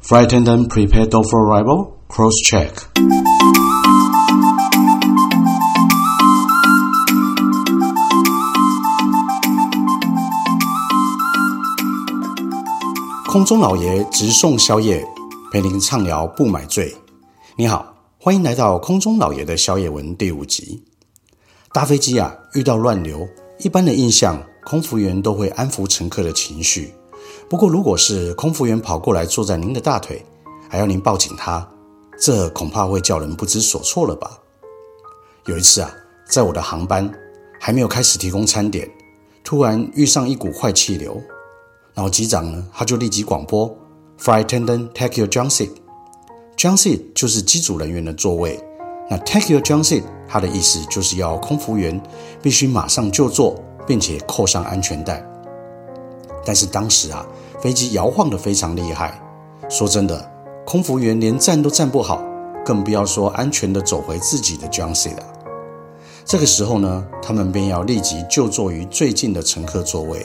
Frightened and prepared for arrival. Cross check. 空中老爺直送宵夜，陪您暢聊不買醉。你好，歡迎來到空中老爺的宵夜文第五集。搭飛機啊，遇到亂流，一般的印象，空服員都會安撫乘客的情緒。不過，如果是空服員跑過來坐在您的大腿，還要您抱緊他，這恐怕會叫人不知所措了吧？有一次啊，在我的航班還沒有開始提供餐點，突然遇上一股壞氣流，然後機長呢，他就立即廣播：“Flight attendant, take your jump seat。” Jump seat 就是機組人員的座位。那 take your jump seat，它的意思就是要空服員必須馬上就座，並且扣上安全帶。但是當時啊。飛機搖晃得非常厲害，說真的，空服員連站都站不好，更不要說安全地走回自己的 jumpseat 了，啊。這個時候呢，他們便要立即就坐於最近的乘客座位。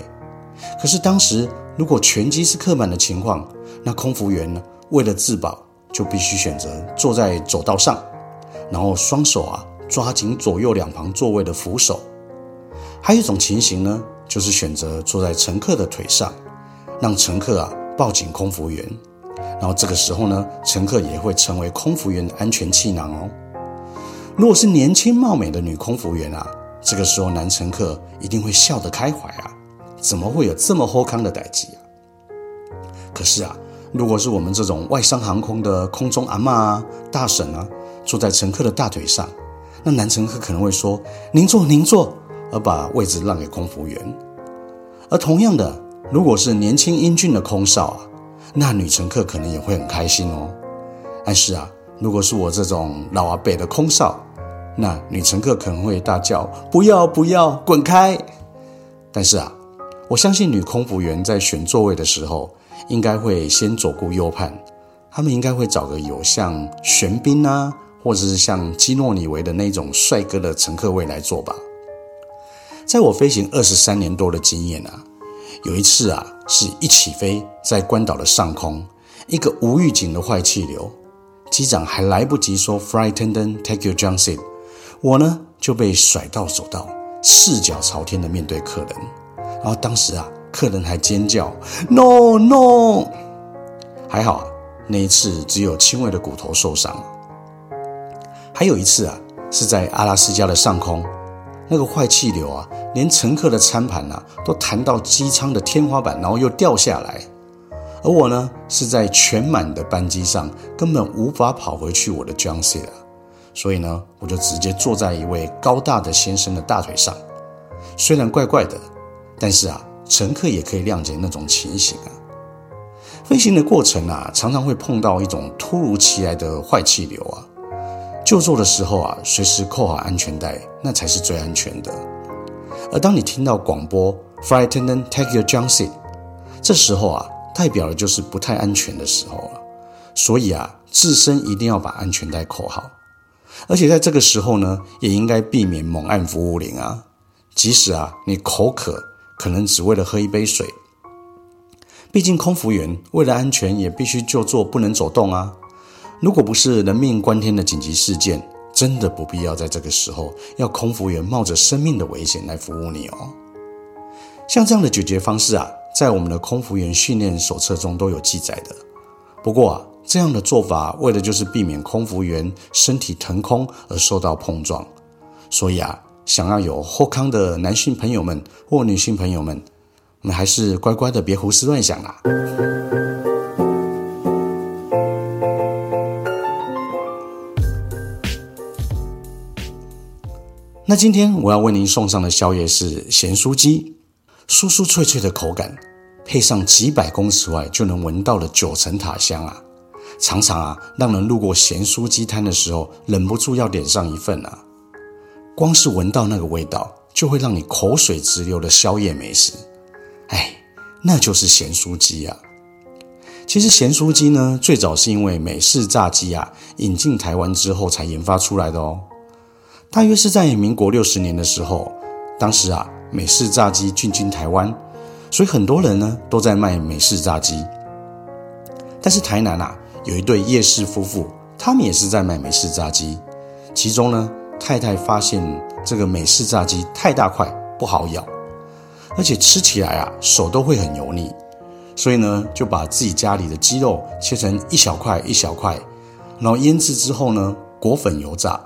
可是當時如果全機是客滿的情況，那空服員為了自保，就必須選擇坐在走道上，然後雙手啊抓緊左右兩旁座位的扶手。還有一種情形呢，就是選擇坐在乘客的腿上。讓乘客啊抱緊空服員，然後這個時候呢，乘客也會成為空服員的安全氣囊哦。如果是年輕貌美的女空服員啊，這個時候男乘客一定會笑得開懷啊，怎麼會有這麼好康的代誌啊？可是啊，如果是我們這種外商航空的空中阿嬤啊、大嬸啊，坐在乘客的大腿上，那男乘客可能會說：“您坐，您坐”，而把位置讓給空服員。而同樣的。如果是年輕英俊的空少啊，那女乘客可能也會很開心哦。但是啊，如果是我這種老阿伯的空少，那女乘客可能會大叫“不要不要，滾開！”但是啊，我相信女空服員在選座位的時候，應該會先左顧右盼，他們應該會找個有像玄彬啊，或者是像基努李維的那種帥哥的乘客位來坐吧。在我飛行二十三年多的經驗啊。有一次啊，是一起飛在關島的上空，一個無預警的壞氣流，機長還來不及說 “Flight attendants, take your jumpseat”，我呢就被甩到走道，四腳朝天的面對客人，然後當時啊，客人還尖叫 “No, No”，還好啊，那一次只有輕微的骨頭受傷。還有一次啊，是在阿拉斯加的上空。那個壞氣流啊，連乘客的餐盤吶、啊、都彈到機艙的天花板，然後又掉下來。而我呢，是在全滿的班機上，根本無法跑回去我的 jumpseat，啊、所以呢，我就直接坐在一位高大的先生的大腿上。雖然怪怪的，但是啊，乘客也可以諒解那種情形啊。飛行的過程啊，常常會碰到一種突如其來的壞氣流啊。就坐的時候啊，隨時扣好安全帶，那才是最安全的。而當你聽到廣播 “Flight attendant, take your jumpseat”，這時候啊，代表的就是不太安全的時候了啊。所以啊，自身一定要把安全帶扣好，而且在這個時候呢，也應該避免猛按服務鈴啊。即使啊，你口渴，可能只為了喝一杯水，畢竟空服員為了安全也必須就坐，不能走動啊。如果不是人命關天的緊急事件，真的不必要在這個時候要空服員冒着生命的危險來服務你哦。像這樣的解決方式啊，在我們的空服員訓練手冊中都有記載的。不過啊，這樣的做法為的就是避免空服員身體騰空而受到碰撞。所以啊，想要有後康的男性朋友們或女性朋友們，我們還是乖乖的別胡思亂想啦、啊。那今天我要為您送上的宵夜是鹹酥雞，酥酥脆脆的口感，配上幾百公尺外就能聞到的九層塔香啊，常常啊讓人路過鹹酥雞攤的時候，忍不住要點上一份啊。光是聞到那個味道，就會讓你口水直流的宵夜美食，唉，那就是鹹酥雞啊。其實鹹酥雞呢，最早是因為美式炸雞啊引進台灣之後才研發出來的哦。大約是在民國六十年的時候，當時啊，美式炸雞進軍台灣，所以很多人呢都在賣美式炸雞。但是台南啊，有一對夜市夫婦，他們也是在賣美式炸雞。其中呢，太太發現這個美式炸雞太大塊不好咬，而且吃起來啊手都會很油膩，所以呢，就把自己家裡的雞肉切成一小塊一小塊，然後醃製之後呢，裹粉油炸。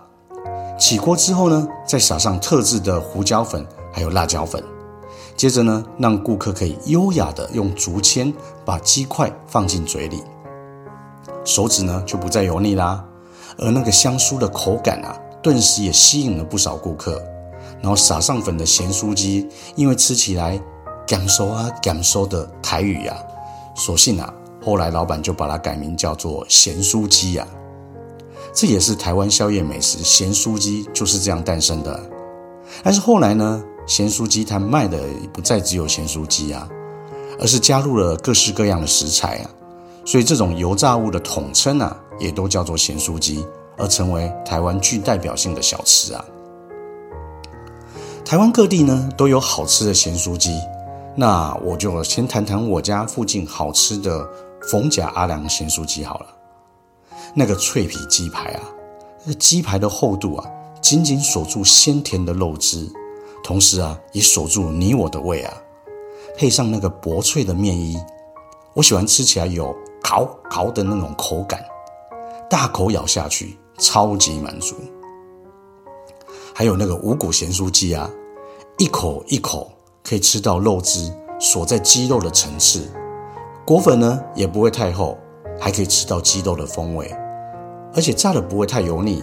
起鍋之後呢，再撒上特制的胡椒粉，還有辣椒粉。接着呢，讓顧客可以優雅的用竹籤把雞塊放進嘴裡，手指呢就不再油膩啦。而那個香酥的口感啊，頓時也吸引了不少顧客。然後撒上粉的鹹酥雞，因為吃起來“敢說啊，敢說”的台語呀、啊，索性啊，後來老板就把它改名叫做鹹酥雞呀、啊。這也是台灣宵夜美食鹹酥雞，就是這樣誕生的，但是後來呢，鹹酥雞它賣的不再只有鹹酥雞啊，而是加入了各式各樣的食材啊，所以這種油炸物的統稱啊，也都叫做鹹酥雞，而成為台灣具代表性的小吃啊。台灣各地呢，都有好吃的鹹酥雞，那我就先談談我家附近好吃的逢甲阿良鹹酥雞好了。那個脆皮雞排啊，那個雞排的厚度啊，緊緊鎖住鮮甜的肉汁，同時啊，也鎖住你我的胃啊。配上那個薄脆的麵衣，我喜歡吃起來有烤烤的那種口感，大口咬下去，超級滿足。還有那個五穀鹹酥雞啊，一口一口可以吃到肉汁鎖在雞肉的層次，裹粉呢也不會太厚，還可以吃到雞肉的風味。而且炸的不會太油膩，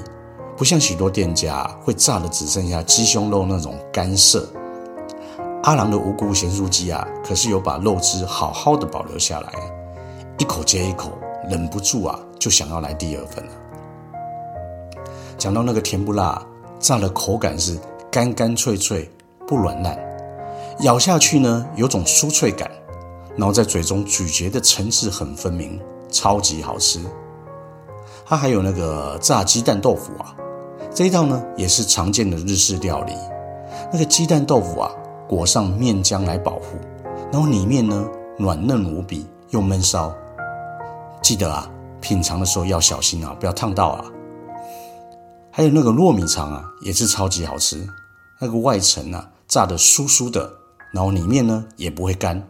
不像許多店家會炸的只剩下雞胸肉那種乾澀。阿郎的無骨鹹酥雞啊，可是有把肉汁好好的保留下來，一口接一口，忍不住啊就想要來第二份了。講到那個甜不辣，炸的口感是干乾脆脆，不軟爛，咬下去呢有種酥脆感，然後在嘴中咀嚼的層次很分明，超級好吃。它還有那個炸雞蛋豆腐啊，這一道呢也是常見的日式料理。那個雞蛋豆腐啊，裹上麵漿來保護，然後裡面呢軟嫩無比又悶燒。記得啊，品嘗的時候要小心啊，不要燙到啊。還有那個糯米腸啊，也是超級好吃。那個外層啊炸得酥酥的，然後裡面呢也不會乾。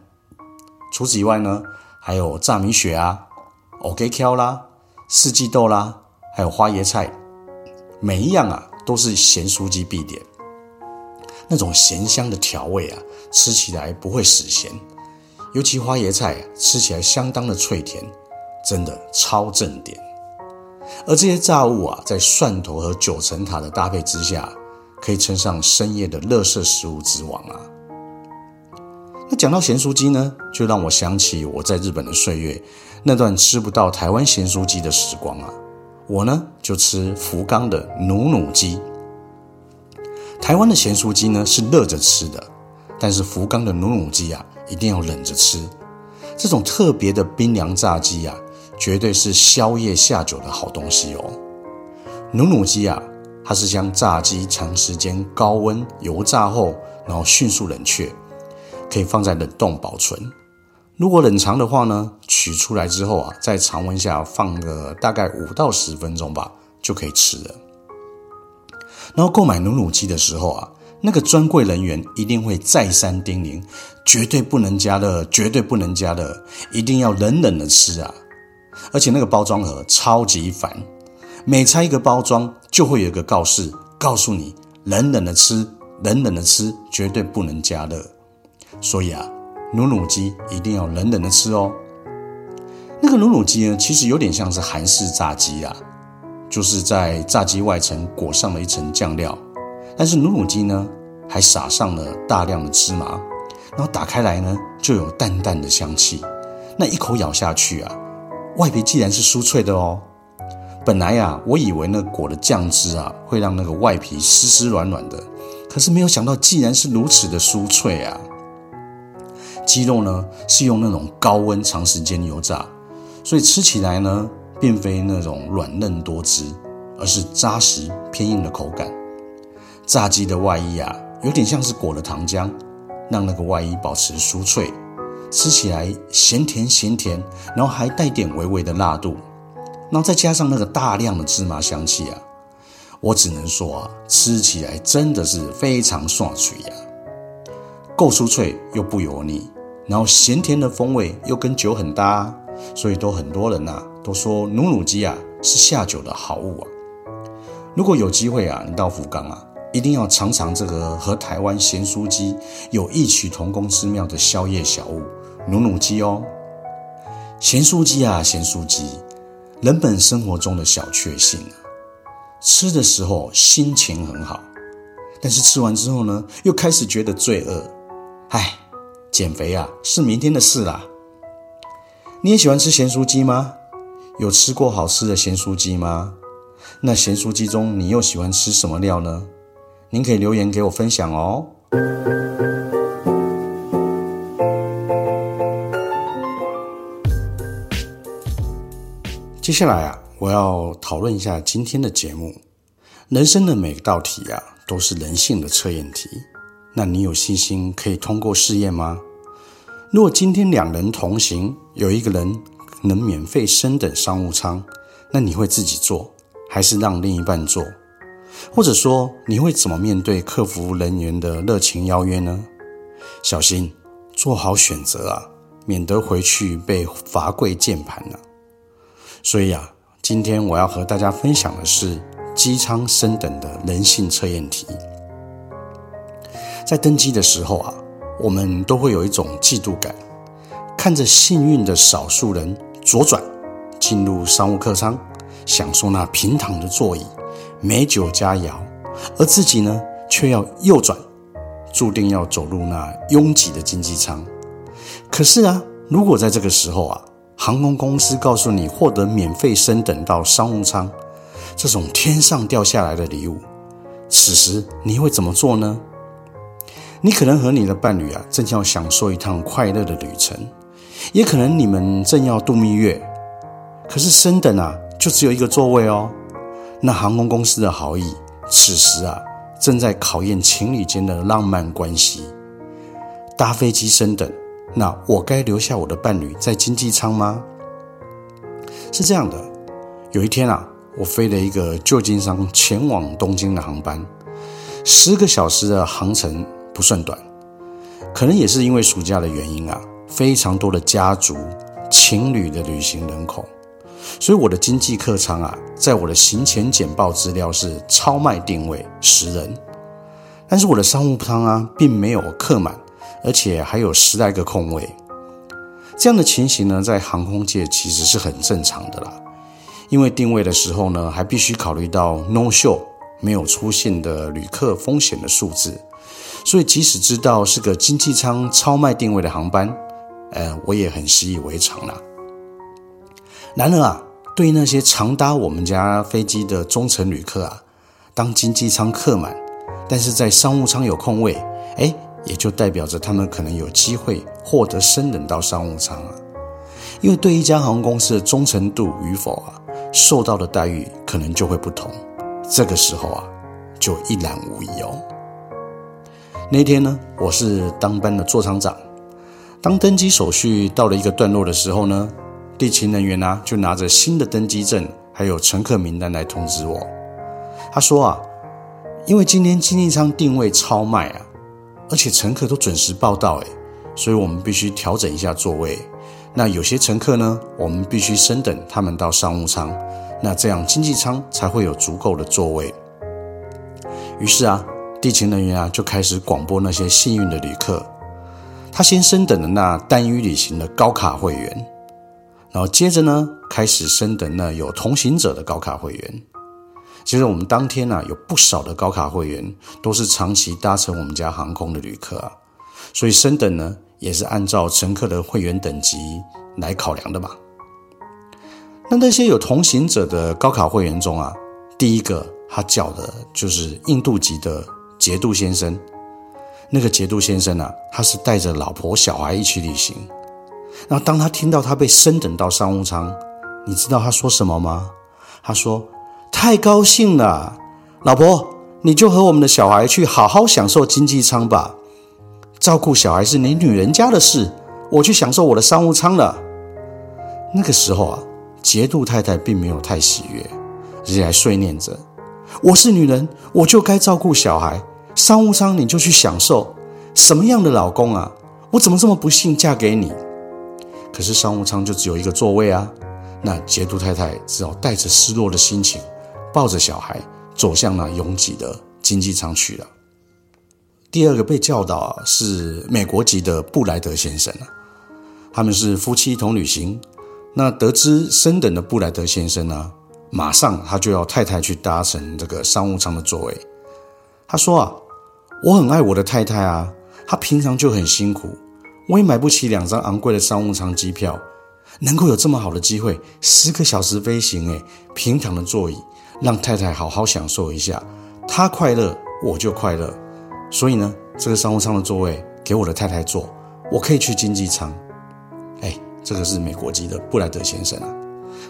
除此以外呢，還有炸米血啊、o k K 啦。四季豆啦，還有花椰菜，每一樣啊都是鹹酥雞必點。那種鹹香的調味啊，吃起來不會死鹹。尤其花椰菜啊，吃起來相當的脆甜，真的超正點。而這些炸物啊，在蒜頭和九層塔的搭配之下，可以稱上深夜的垃圾食物之王啊。那講到鹹酥雞呢，就讓我想起我在日本的歲月。那段吃不到台灣鹹酥雞的時光啊，我呢就吃福岡的努努雞。台灣的鹹酥雞呢是熱着吃的，但是福岡的努努雞啊一定要冷着吃。這種特別的冰涼炸雞啊，絕對是宵夜下酒的好東西哦。努努雞啊，它是將炸雞長時間高溫油炸後，然後迅速冷卻，可以放在冷凍保存。如果冷藏的話呢，取出來之後啊，在常溫下放個大概五到十分鐘吧，就可以吃了。然後購買努努雞的時候啊，那個專櫃人員一定會再三叮嚀，絕對不能加熱，絕對不能加熱，一定要冷冷的吃啊！而且那個包裝盒超級煩，每拆一個包裝就會有個告示，告訴你冷冷的吃，冷冷的吃，絕對不能加熱。所以啊。努努雞一定要冷冷的吃哦。那個努努雞呢，其實有點像是韓式炸雞啊，就是在炸雞外層裹上了一層醬料，但是努努雞呢還撒上了大量的芝麻，然後打開來呢就有淡淡的香氣。那一口咬下去啊，外皮竟然是酥脆的哦。本來呀，啊，我以為呢裹的醬汁啊會讓那個外皮濕濕軟軟的，可是沒有想到竟然是如此的酥脆啊。雞肉呢是用那種高溫長時間油炸，所以吃起來呢並非那種軟嫩多汁，而是扎實偏硬的口感。炸雞的外衣啊有點像是裹了糖漿，讓那個外衣保持酥脆，吃起來鹹甜鹹甜，然後還帶點微微的辣度，然後再加上那個大量的芝麻香氣啊，我只能說啊吃起來真的是非常爽脆呀、啊，夠酥脆又不油膩。然後鹹甜的風味又跟酒很搭，啊，所以都很多人吶、啊、都說努努雞啊是下酒的好物啊。如果有機會啊，你到福岡啊，一定要嘗嘗這個和台灣鹹酥雞有異曲同工之妙的宵夜小物努努雞哦。鹹酥雞啊，鹹酥雞，人本生活中的小確幸、啊。吃的時候心情很好，但是吃完之後呢，又開始覺得罪惡，唉。減肥啊，是明天的事啦啊。你也喜歡吃鹹酥雞嗎？有吃過好吃的鹹酥雞嗎？那鹹酥雞中你又喜歡吃什麼料呢？您可以留言給我分享哦。接下來啊，我要討論一下今天的節目。人生的每道題啊，都是人性的測驗題。那你有信心可以通過試驗嗎？如果今天兩人同行，有一個人能免費升等商務艙，那你會自己坐，還是讓另一半坐？或者說，你會怎麼面對客服人員的熱情邀約呢？小心，做好選擇啊，免得回去被罰跪鍵盤了啊。所以啊，今天我要和大家分享的是機艙升等的人性測驗題。在登機的時候啊。我們都會有一種嫉妒感，看着幸運的少數人左轉進入商務客艙，享受那平躺的座椅、美酒佳肴，而自己呢卻要右轉，注定要走入那擁擠的經濟艙。可是啊，如果在這個時候啊，航空公司告訴你獲得免費升等到商務艙，這種天上掉下來的禮物，此時你會怎麼做呢？你可能和你的伴侶啊，正要享受一趟快樂的旅程，也可能你們正要度蜜月，可是升等啊，就只有一個座位哦。那航空公司的好意，此時啊，正在考驗情侶間的浪漫關係。搭飛機升等，那我該留下我的伴侶在經濟艙嗎？是這樣的，有一天啊，我飛了一個舊金山前往東京的航班，十個小時的航程。不算短，可能也是因為暑假的原因啊，非常多的家族、情侶的旅行人口，所以我的經濟客艙啊，在我的行前簡報資料是超賣定位十人，但是我的商務艙啊，並沒有客滿，而且還有十來個空位。這樣的情形呢，在航空界其實是很正常的啦，因為定位的時候呢，還必須考慮到 no show 沒有出現的旅客風險的數字。所以，即使知道是個經濟艙超賣定位的航班，呃，我也很習以為常了啊。然而啊，對那些常搭我們家飛機的忠誠旅客啊，當經濟艙客滿，但是在商務艙有空位，誒、欸、也就代表着他們可能有機會獲得升等到商務艙啊。因為對一家航空公司的忠誠度與否啊，受到的待遇可能就會不同，這個時候啊，就一覽無遺哦。那天呢，我是當班的座艙長。當登機手續到了一個段落的時候呢，地勤人員呢、啊、就拿着新的登機證還有乘客名單來通知我。他說啊，因為今天經濟艙定位超賣啊，而且乘客都準時報到、欸，誒，所以我們必須調整一下座位。那有些乘客呢，我們必須升等他們到商務艙，那這樣經濟艙才會有足夠的座位。於是啊。地勤人員啊就開始廣播那些幸運的旅客。他先升等的那單獨旅行的高卡會員，然後接着呢開始升等那有同行者的高卡會員。其實我們當天呢，啊，有不少的高卡會員都是長期搭乘我們家航空的旅客，啊，所以升等呢也是按照乘客的會員等級來考量的吧。那那些有同行者的高卡會員中啊，第一個他叫的就是印度籍的。杰度先生，那個杰度先生呢、啊，他是帶着老婆小孩一起旅行。那當他聽到他被升等到商務艙，你知道他說什麼嗎？他說：“太高興了，老婆你就和我們的小孩去好好享受經濟艙吧，照顧小孩是你女人家的事，我去享受我的商務艙了。”那個時候啊，杰度太太並沒有太喜悅，直接來碎念着：“我是女人，我就該照顧小孩。”商務艙你就去享受什麼樣的老公啊？我怎麼這麼不幸嫁給你？可是商務艙就只有一個座位啊！那杰度太太只好帶着失落的心情，抱着小孩走向那擁擠的經濟艙去了。第二個被教導、啊、是美國籍的布萊德先生啊，他們是夫妻同旅行。那得知升等的布萊德先生呢、啊，馬上他就要太太去搭乘這個商務艙的座位。他說啊。我很愛我的太太啊，她平常就很辛苦，我也買不起兩張昂貴的商務艙機票，能夠有這麼好的機會，十個小時飛行、欸，哎，平躺的座椅，讓太太好好享受一下，她快樂我就快樂，所以呢，這個商務艙的座位給我的太太坐，我可以去經濟艙。哎、欸，這個是美國籍的布萊德先生啊，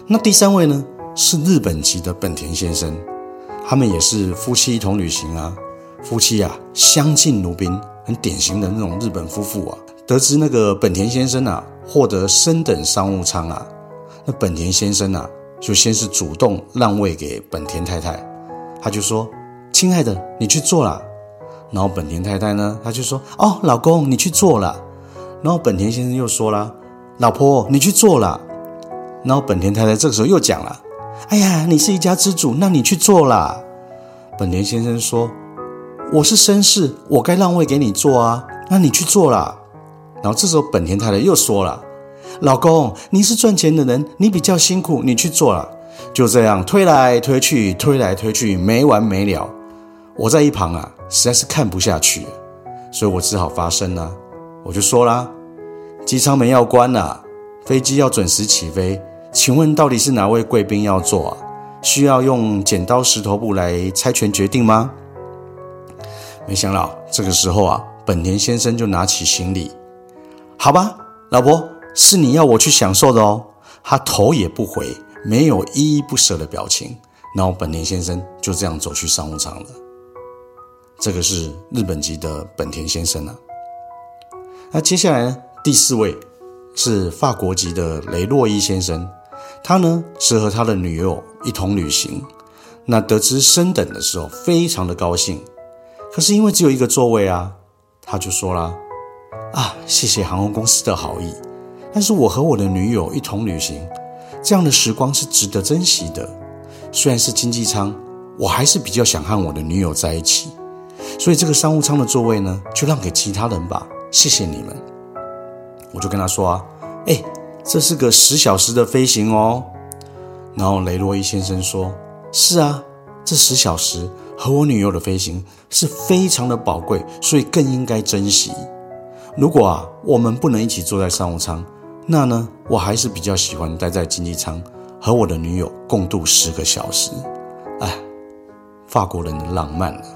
那第三位呢是日本籍的本田先生，他們也是夫妻一同旅行啊。夫妻啊，相敬如賓，很典型的那種日本夫婦啊。得知那個本田先生啊獲得升等商務艙啊，那本田先生啊就先是主動讓位給本田太太，他就說：“親愛的，你去坐啦。”然後本田太太呢，她就說：“哦，老公，你去坐啦。”然後本田先生又說了：“老婆，你去坐啦。”然後本田太太這個時候又講了：“哎呀，你是一家之主，那你去坐啦。”本田先生說。我是紳士，我該讓位給你坐啊！那你去坐啦。然後這時候本田太太又說了：“老公，你是賺錢的人，你比較辛苦，你去坐啦。”就這樣推來推去，推來推去，沒完沒了。我在一旁啊，實在是看不下去了，所以我只好發聲了啊。我就說啦：“機艙門要關了，飛機要準時起飛，請問到底是哪位貴賓要坐啊？需要用剪刀石頭布來猜拳決定嗎？”沒想到這個時候啊，本田先生就拿起行李，好吧，老婆是你要我去享受的哦。他頭也不回，沒有依依不捨的表情。然後本田先生就這樣走去商務艙了。這個是日本籍的本田先生啊，那接下來呢，第四位是法國籍的雷諾伊先生，他呢是和他的女友一同旅行。那得知升等的時候，非常的高興。可是因為只有一個座位啊，他就說啦：“啊，謝謝航空公司的好意，但是我和我的女友一同旅行，這樣的時光是值得珍惜的。雖然是經濟艙，我還是比較想和我的女友在一起，所以這個商務艙的座位呢，就讓給其他人吧。謝謝你們。”我就跟他說：“啊，誒，這是個十小時的飛行哦。”然後雷洛伊先生說：“是啊，這十小時。”和我女友的飛行是非常的寶貴，所以更應該珍惜。如果啊，我們不能一起坐在商務艙，那呢，我還是比較喜歡待在經濟艙，和我的女友共度十個小時。哎，法國人的浪漫了、啊。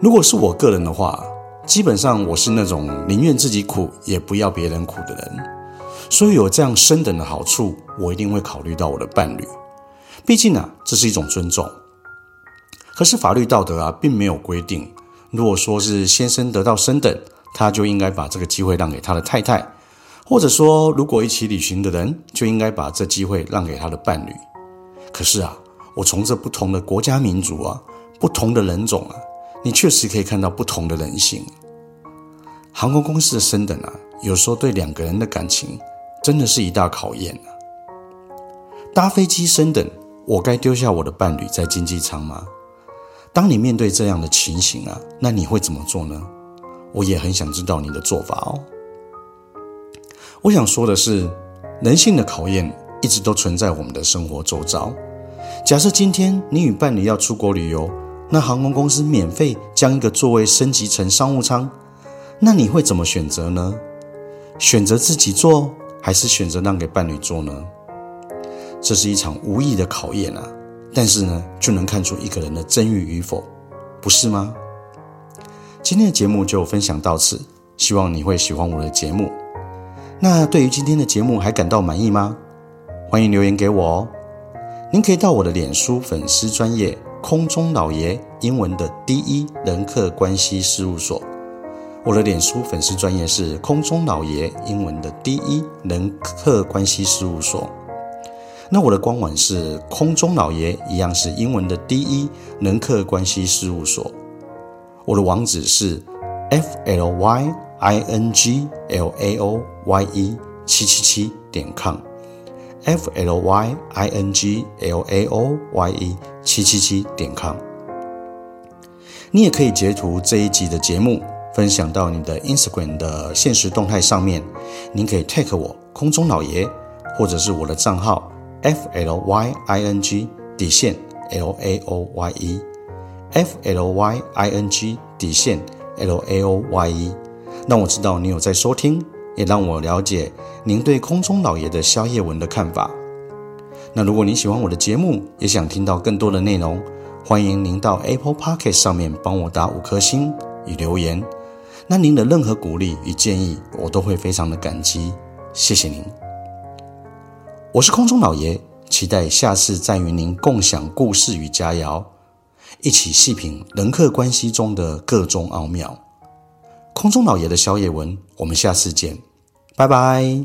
如果是我個人的話，基本上我是那種寧願自己苦也不要別人苦的人，所以有這樣升等的好處，我一定會考慮到我的伴侶，畢竟啊，這是一種尊重。可是法律道德啊，並沒有規定，如果說是先生得到升等，他就應該把這個機會讓給他的太太，或者說，如果一起旅行的人就應該把這機會讓給他的伴侶。可是啊，我從這不同的國家、民族啊，不同的人種啊，你確實可以看到不同的人性。航空公司的升等啊，有時候對兩個人的感情真的是一大考驗啊。搭飛機升等，我該丟下我的伴侶在經濟艙嗎？當你面對這樣的情形啊，那你會怎麼做呢？我也很想知道你的做法哦。我想說的是，人性的考驗一直都存在我們的生活周遭。假設今天你與伴侶要出國旅遊，那航空公司免費將一個座位升級成商務艙，那你會怎麼選擇呢？選擇自己坐，還是選擇讓給伴侶坐呢？這是一場無意的考驗啊。但是呢，就能看出一個人的真慾與否，不是嗎？今天的節目就分享到此，希望你會喜歡我的節目。那對於今天的節目還感到滿意嗎？歡迎留言給我哦。您可以到我的臉書粉絲專頁“空中老爺英文的第一人客關係事務所”。我的臉書粉絲專頁是“空中老爺英文的第一人客關係事務所”。那我的官網是空中老爺，一樣是英文的 de 人客關係事務所。我的網址是 flyinglaoye 七七七點 com，flyinglaoye 七七七點 com。你也可以截圖這一集的節目，分享到你的 Instagram 的限時動態上面。您可以 tag 我空中老爺，或者是我的賬號。FLYING 底線 LAOYE，FLYING 底線 LAOYE，讓我知道你有在收聽，也讓我了解您對空中老爺的宵夜文的看法。那如果您喜歡我的節目，也想聽到更多的內容，歡迎您到 Apple Podcast 上面幫我打五顆星與留言。那您的任何鼓勵與建議，我都會非常的感激，謝謝您。我是空中老爺，期待下次再與您共享故事與佳肴，一起細品人客關係中的個中奧妙。空中老爺的宵夜文，我們下次見，拜拜。